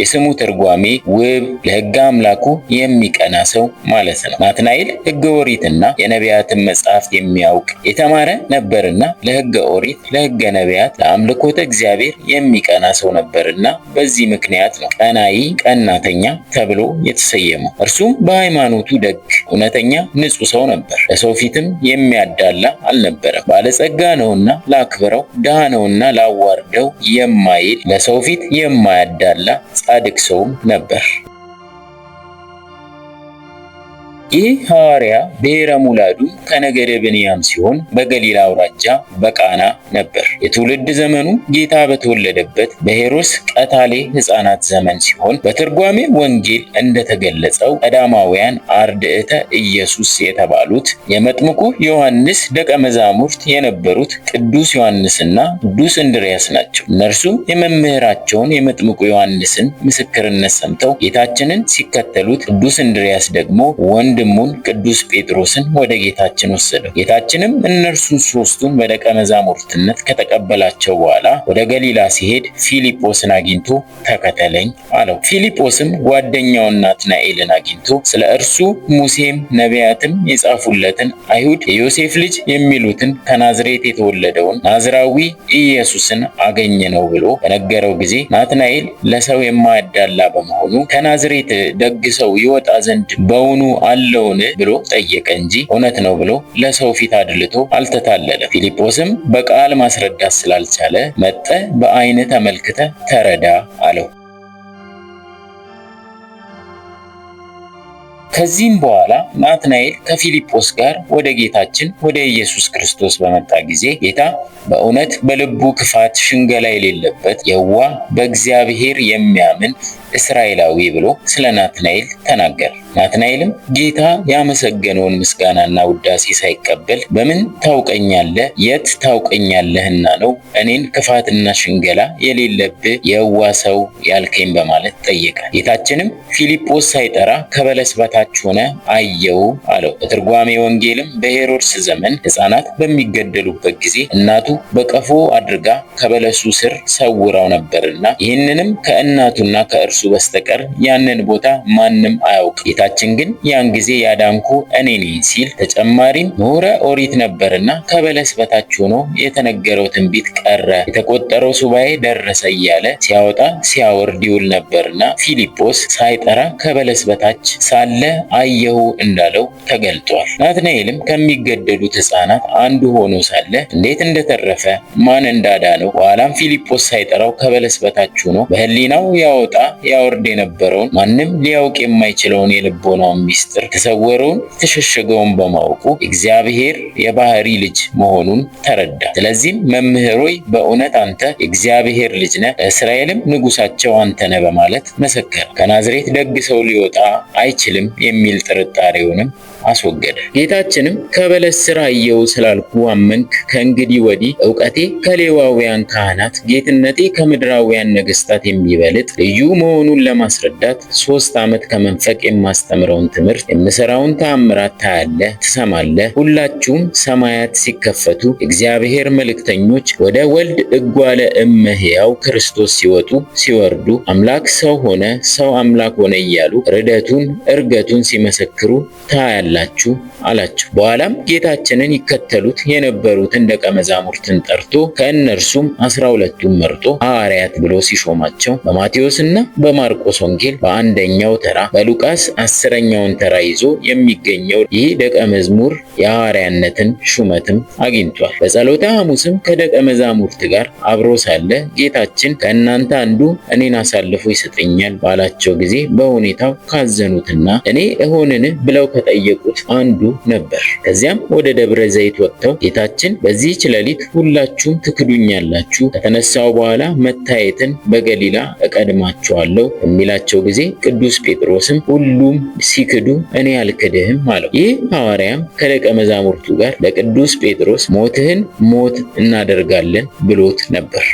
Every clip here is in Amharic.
የስሙ ትርጓሜ ውብ፣ ለሕገ አምላኩ የሚቀና ሰው ማለት ነው። ናትናኤል ሕገ ኦሪትና የነቢያትን መጽሐፍት የሚያውቅ የተማረ ነበርና ለሕገ ኦሪት፣ ለሕገ ነቢያት፣ ለአምልኮተ እግዚአብሔር የሚቀና ሰው ነበርና በዚህ ምክንያት ነው ቀናይ ቀናተኛ ተብሎ የተሰየመው። እርሱም በሃይማኖቱ ደግ፣ እውነተኛ፣ ንጹ ሰው ነበር። ለሰው ፊትም የሚያዳላ አልነበረም። ባለጸጋ ነውና ላክብረው፣ ድሃ ነውና ላዋርደው የማይል ለሰው ፊት የማያዳላ ጻድቅ ሰውም ነበር። ይህ ሐዋርያ ብሔረ ሙላዱ ከነገደ ብንያም ሲሆን በገሊላ አውራጃ በቃና ነበር። የትውልድ ዘመኑ ጌታ በተወለደበት በሄሮስ ቀታሌ ሕፃናት ዘመን ሲሆን በትርጓሜ ወንጌል እንደተገለጸው ቀዳማውያን አርድዕተ ኢየሱስ የተባሉት የመጥምቁ ዮሐንስ ደቀ መዛሙርት የነበሩት ቅዱስ ዮሐንስና ቅዱስ እንድርያስ ናቸው። እነርሱ የመምህራቸውን የመጥምቁ ዮሐንስን ምስክርነት ሰምተው ጌታችንን ሲከተሉት፣ ቅዱስ እንድርያስ ደግሞ ወንድ ወንድሙን ቅዱስ ጴጥሮስን ወደ ጌታችን ወሰደው። ጌታችንም እነርሱን ሶስቱን በደቀ መዛሙርትነት ከተቀበላቸው በኋላ ወደ ገሊላ ሲሄድ ፊልጶስን አግኝቶ ተከተለኝ አለው። ፊልጶስም ጓደኛውን ናትናኤልን አግኝቶ ስለ እርሱ ሙሴም ነቢያትም የጻፉለትን አይሁድ የዮሴፍ ልጅ የሚሉትን ከናዝሬት የተወለደውን ናዝራዊ ኢየሱስን አገኘ ነው ብሎ በነገረው ጊዜ ናትናኤል ለሰው የማያዳላ በመሆኑ ከናዝሬት ደግ ሰው ይወጣ ዘንድ በውኑ አለ አለውን ብሎ ጠየቀ እንጂ እውነት ነው ብሎ ለሰው ፊት አድልቶ አልተታለለ። ፊልጶስም በቃል ማስረዳት ስላልቻለ መጠ በአይን ተመልክተ ተረዳ አለው። ከዚህም በኋላ ናትናኤል ከፊልጶስ ጋር ወደ ጌታችን ወደ ኢየሱስ ክርስቶስ በመጣ ጊዜ ጌታ በእውነት በልቡ ክፋት ሽንገላ የሌለበት የዋ በእግዚአብሔር የሚያምን እስራኤላዊ ብሎ ስለ ናትናኤል ተናገረ። ናትናኤልም ጌታ ያመሰገነውን ምስጋናና ውዳሴ ሳይቀበል በምን ታውቀኛለህ? የት ታውቀኛለህና ነው እኔን ክፋትና ሽንገላ የሌለብህ የዋ ሰው ያልከኝ? በማለት ጠየቀ። ጌታችንም ፊልጶስ ሳይጠራ ከበለስ በታች ሆነ አየው አለው። በትርጓሜ ወንጌልም በሄሮድስ ዘመን ሕፃናት በሚገደሉበት ጊዜ እናቱ በቀፎ አድርጋ ከበለሱ ስር ሰውራው ነበርና ይህንንም ከእናቱና ከእርሱ በስተቀር ያንን ቦታ ማንም አያውቅ ጌታችን ግን ያን ጊዜ ያዳንኩ እኔ ነኝ ሲል ተጨማሪም ምሁረ ኦሪት ነበርና ከበለስ በታች ሆኖ የተነገረው ትንቢት ቀረ፣ የተቆጠረው ሱባኤ ደረሰ እያለ ሲያወጣ ሲያወርድ ይውል ነበርና ፊሊጶስ ሳይጠራ ከበለስ በታች ሳለ አየሁ እንዳለው ተገልጧል። ናትናኤልም ከሚገደሉት ሕፃናት አንዱ ሆኖ ሳለ እንዴት እንደተረፈ ማን እንዳዳነው በኋላም ፊሊጶስ ሳይጠራው ከበለስ በታች ሆኖ በህሊናው ያወጣ ያወርድ የነበረውን ማንም ሊያውቅ የማይችለውን የልቦናው ሚስጥር ተሰወረውን ተሸሸገውን በማወቁ እግዚአብሔር የባህሪ ልጅ መሆኑን ተረዳ። ስለዚህም መምህሮይ በእውነት አንተ የእግዚአብሔር ልጅ ነህ፣ እስራኤልም ንጉሳቸው አንተ ነህ በማለት መሰከረ። ከናዝሬት ደግ ሰው ሊወጣ አይችልም የሚል ጥርጣሬውንም አስወገደ። ጌታችንም ከበለስ ስራ እየው ስላልኩ አመንክ፣ ከእንግዲህ ወዲህ እውቀቴ ከሌዋውያን ካህናት ጌትነቴ ከምድራውያን ነገስታት የሚበልጥ ልዩ መሆኑን ለማስረዳት ሶስት ዓመት ከመንፈቅ የማስተምረውን ትምህርት የምሰራውን ተአምራት ታያለ፣ ትሰማለ። ሁላችሁም ሰማያት ሲከፈቱ እግዚአብሔር መልእክተኞች ወደ ወልድ እጓለ እመሕያው ክርስቶስ ሲወጡ ሲወርዱ አምላክ ሰው ሆነ፣ ሰው አምላክ ሆነ እያሉ ርደቱን እርገቱን ሲመሰክሩ ታያለ ትችላላችሁ አላቸው። በኋላም ጌታችንን ይከተሉት የነበሩትን ደቀ መዛሙርትን ጠርቶ ከእነርሱም አስራ ሁለቱን መርጦ ሐዋርያት ብሎ ሲሾማቸው በማቴዎስና በማርቆስ ወንጌል በአንደኛው ተራ በሉቃስ አስረኛውን ተራ ይዞ የሚገኘው ይህ ደቀ መዝሙር የሐዋርያነትን ሹመትም አግኝቷል። በጸሎተ ሐሙስም ከደቀ መዛሙርት ጋር አብሮ ሳለ ጌታችን ከእናንተ አንዱ እኔን አሳልፎ ይሰጠኛል ባላቸው ጊዜ በሁኔታው ካዘኑትና እኔ እሆንን ብለው ከጠየቁ ከጠየቁት አንዱ ነበር። ከዚያም ወደ ደብረ ዘይት ወጥተው ጌታችን በዚህች ሌሊት ሁላችሁም ትክዱኛላችሁ፣ ከተነሳው በኋላ መታየትን በገሊላ እቀድማችኋለሁ የሚላቸው ጊዜ ቅዱስ ጴጥሮስም ሁሉም ሲክዱ እኔ አልክድህም አለው። ይህ ሐዋርያም ከደቀ መዛሙርቱ ጋር ለቅዱስ ጴጥሮስ ሞትህን ሞት እናደርጋለን ብሎት ነበር።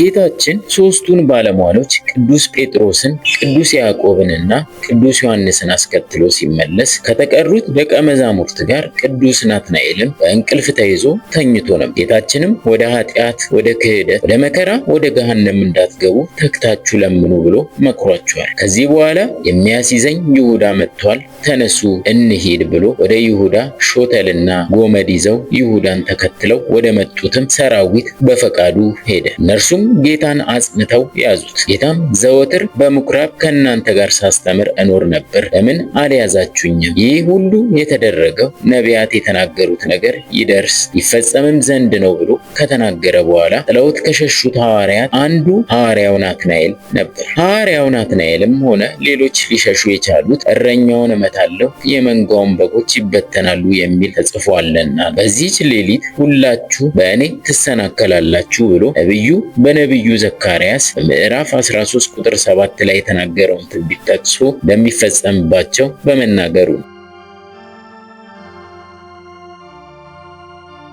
ጌታችን ሦስቱን ባለሟሎች ቅዱስ ጴጥሮስን፣ ቅዱስ ያዕቆብንና ቅዱስ ዮሐንስን አስከትሎ ሲመለስ ከተቀሩት ደቀ መዛሙርት ጋር ቅዱስ ናትናኤልም በእንቅልፍ ተይዞ ተኝቶ ነበር። ጌታችንም ወደ ኃጢአት፣ ወደ ክህደት፣ ወደ መከራ፣ ወደ ገሃነም እንዳትገቡ ተግታችሁ ለምኑ ብሎ መክሯቸዋል። ከዚህ በኋላ የሚያስይዘኝ ይሁዳ መጥቷል፣ ተነሱ እንሂድ ብሎ ወደ ይሁዳ ሾተልና ጎመድ ይዘው ይሁዳን ተከትለው ወደ መጡትም ሰራዊት በፈቃዱ ሄደ። እነርሱም ጌታን አጽንተው ያዙት። ጌታም ዘወትር በምኩራብ ከእናንተ ጋር ሳስተምር እኖር ነበር፣ ለምን አልያዛችሁኝም? ይህ ሁሉ የተደረገው ነቢያት የተናገሩት ነገር ይደርስ ይፈጸምም ዘንድ ነው ብሎ ከተናገረ በኋላ ጥለውት ከሸሹት ሐዋርያት አንዱ ሐዋርያው ናትናኤል ነበር። ሐዋርያው ናትናኤልም ሆነ ሌሎች ሊሸሹ የቻሉት እረኛውን እመታለሁ፣ የመንጋውን በጎች ይበተናሉ የሚል ተጽፏለና በዚህች ሌሊት ሁላችሁ በእኔ ትሰናከላላችሁ ብሎ ነቢዩ በነቢዩ ዘካርያስ ምዕራፍ 13 ቁጥር 7 ላይ የተናገረውን ትንቢት ጠቅሶ እንደሚፈጸምባቸው በመናገሩ ነው።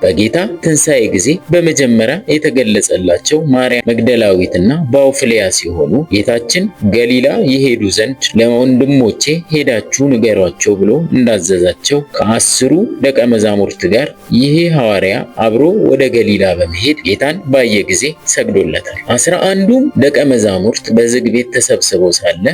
በጌታ ትንሣኤ ጊዜ በመጀመሪያ የተገለጸላቸው ማርያም መግደላዊትና ባውፍሊያ ሲሆኑ ጌታችን ገሊላ የሄዱ ዘንድ ለወንድሞቼ ሄዳችሁ ንገሯቸው ብሎ እንዳዘዛቸው ከአስሩ ደቀ መዛሙርት ጋር ይሄ ሐዋርያ አብሮ ወደ ገሊላ በመሄድ ጌታን ባየ ጊዜ ሰግዶለታል። አስራ አንዱም ደቀ መዛሙርት በዝግ ቤት ተሰብስበው ሳለ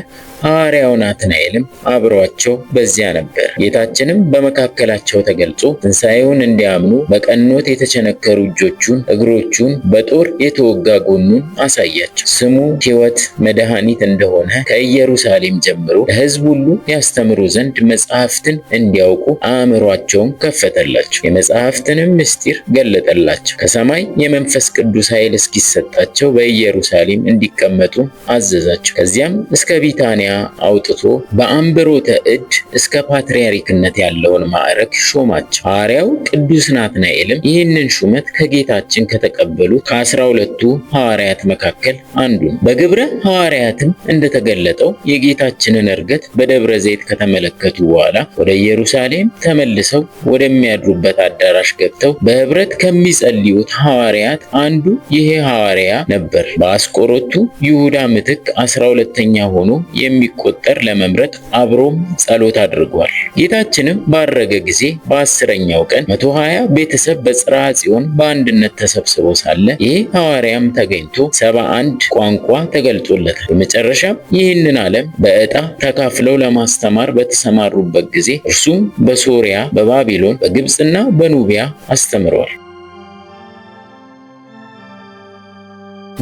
ሐዋርያው ናትናኤልም አብሯቸው በዚያ ነበር። ጌታችንም በመካከላቸው ተገልጾ ትንሣኤውን እንዲያምኑ በቀ በቀኖት የተቸነከሩ እጆቹን፣ እግሮቹን፣ በጦር የተወጋ ጎኑን አሳያቸው። ስሙ ሕይወት መድኃኒት እንደሆነ ከኢየሩሳሌም ጀምሮ ለሕዝብ ሁሉ ያስተምሩ ዘንድ መጽሐፍትን እንዲያውቁ አእምሯቸውም ከፈተላቸው። የመጽሐፍትንም ምስጢር ገለጠላቸው። ከሰማይ የመንፈስ ቅዱስ ኃይል እስኪሰጣቸው በኢየሩሳሌም እንዲቀመጡ አዘዛቸው። ከዚያም እስከ ቢታንያ አውጥቶ በአንብሮተ እድ እስከ ፓትርያርክነት ያለውን ማዕረግ ሾማቸው። ሐዋርያው ቅዱስ ናትናኤል ሚካኤልም ይህንን ሹመት ከጌታችን ከተቀበሉት ከአስራ ሁለቱ ሐዋርያት መካከል አንዱ ነው። በግብረ ሐዋርያትም እንደተገለጠው የጌታችንን እርገት በደብረ ዘይት ከተመለከቱ በኋላ ወደ ኢየሩሳሌም ተመልሰው ወደሚያድሩበት አዳራሽ ገብተው በህብረት ከሚጸልዩት ሐዋርያት አንዱ ይሄ ሐዋርያ ነበር። በአስቆሮቱ ይሁዳ ምትክ አስራ ሁለተኛ ሆኖ የሚቆጠር ለመምረጥ አብሮም ጸሎት አድርጓል። ጌታችንም ባረገ ጊዜ በአስረኛው ቀን መቶ ሀያ ቤተሰብ በጽርሐ ጽዮን በአንድነት ተሰብስቦ ሳለ ይህ ሐዋርያም ተገኝቶ ሰባ አንድ ቋንቋ ተገልጦለታል። በመጨረሻም ይህንን ዓለም በዕጣ ተካፍለው ለማስተማር በተሰማሩበት ጊዜ እርሱም በሶሪያ፣ በባቢሎን፣ በግብፅና በኑቢያ አስተምረዋል።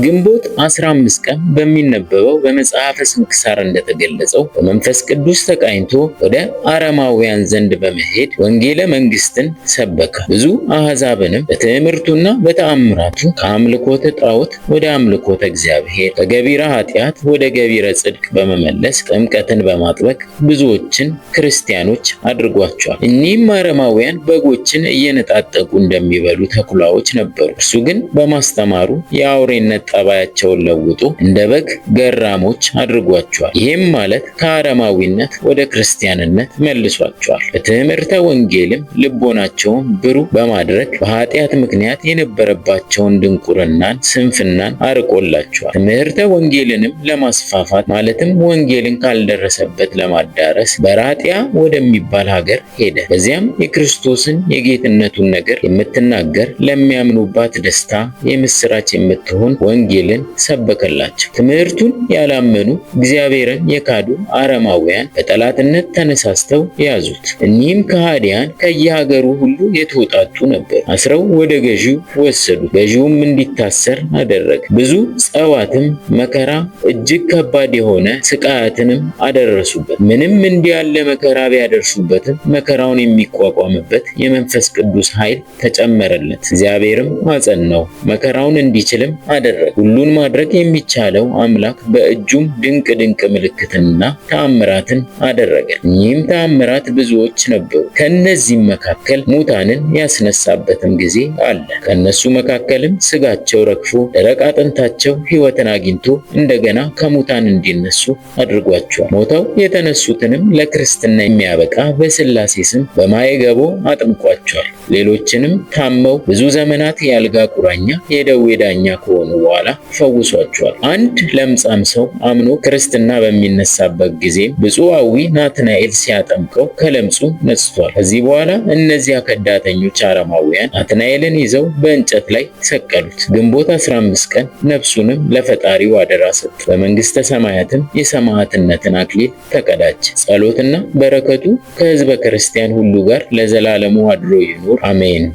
ግንቦት 15 ቀን በሚነበበው በመጽሐፈ ስንክሳር እንደተገለጸው በመንፈስ ቅዱስ ተቃኝቶ ወደ አረማውያን ዘንድ በመሄድ ወንጌለ መንግስትን ሰበከ። ብዙ አሕዛብንም በትምህርቱና በተአምራቱ ከአምልኮተ ጣዖት ወደ አምልኮተ እግዚአብሔር፣ ከገቢረ ኃጢአት ወደ ገቢረ ጽድቅ በመመለስ ጥምቀትን በማጥበቅ ብዙዎችን ክርስቲያኖች አድርጓቸዋል። እኒህም አረማውያን በጎችን እየነጣጠቁ እንደሚበሉ ተኩላዎች ነበሩ። እርሱ ግን በማስተማሩ የአውሬነት ጠባያቸውን ለውጦ እንደ በግ ገራሞች አድርጓቸዋል። ይህም ማለት ከአረማዊነት ወደ ክርስቲያንነት መልሷቸዋል። በትምህርተ ወንጌልም ልቦናቸውን ብሩህ በማድረግ በኃጢአት ምክንያት የነበረባቸውን ድንቁርናን፣ ስንፍናን አርቆላቸዋል። ትምህርተ ወንጌልንም ለማስፋፋት ማለትም ወንጌልን ካልደረሰበት ለማዳረስ በራጢያ ወደሚባል ሀገር ሄደ። በዚያም የክርስቶስን የጌትነቱን ነገር የምትናገር ለሚያምኑባት ደስታ የምስራች የምትሆን ወንጌልን ሰበከላቸው። ትምህርቱን ያላመኑ እግዚአብሔርን የካዱ አረማውያን በጠላትነት ተነሳስተው ያዙት። እኒህም ከሃዲያን ከየሀገሩ ሁሉ የተውጣጡ ነበር። አስረው ወደ ገዢው ወሰዱ። ገዢውም እንዲታሰር አደረገ። ብዙ ጸዋትም መከራ እጅግ ከባድ የሆነ ስቃያትንም አደረሱበት። ምንም እንዲያለ መከራ ቢያደርሱበትም መከራውን የሚቋቋምበት የመንፈስ ቅዱስ ኃይል ተጨመረለት። እግዚአብሔርም አጸናው፣ መከራውን እንዲችልም አደረገ። ማድረግ። ሁሉን ማድረግ የሚቻለው አምላክ በእጁም ድንቅ ድንቅ ምልክትንና ተአምራትን አደረገ። እኚህም ተአምራት ብዙዎች ነበሩ። ከእነዚህም መካከል ሙታንን ያስነሳበትም ጊዜ አለ። ከእነሱ መካከልም ስጋቸው ረግፎ ደረቅ አጥንታቸው ሕይወትን አግኝቶ እንደገና ከሙታን እንዲነሱ አድርጓቸዋል። ሞተው የተነሱትንም ለክርስትና የሚያበቃ በስላሴ ስም በማይገቦ አጥምቋቸዋል። ሌሎችንም ታመው ብዙ ዘመናት የአልጋ ቁራኛ የደዌ ዳኛ ከሆኑ በኋላ ፈውሷቸዋል። አንድ ለምጻም ሰው አምኖ ክርስትና በሚነሳበት ጊዜ ብፁዕ አዊ ናትናኤል ሲያጠምቀው ከለምጹ ነጽቷል። ከዚህ በኋላ እነዚያ ከዳተኞች አረማውያን ናትናኤልን ይዘው በእንጨት ላይ ሰቀሉት። ግንቦት 15 ቀን ነፍሱንም ለፈጣሪው አደራ ሰጡ። በመንግስተ ሰማያትም የሰማዕትነትን አክሊል ተቀዳጀ። ጸሎትና በረከቱ ከህዝበ ክርስቲያን ሁሉ ጋር ለዘላለሙ አድሮ ይኑር አሜን።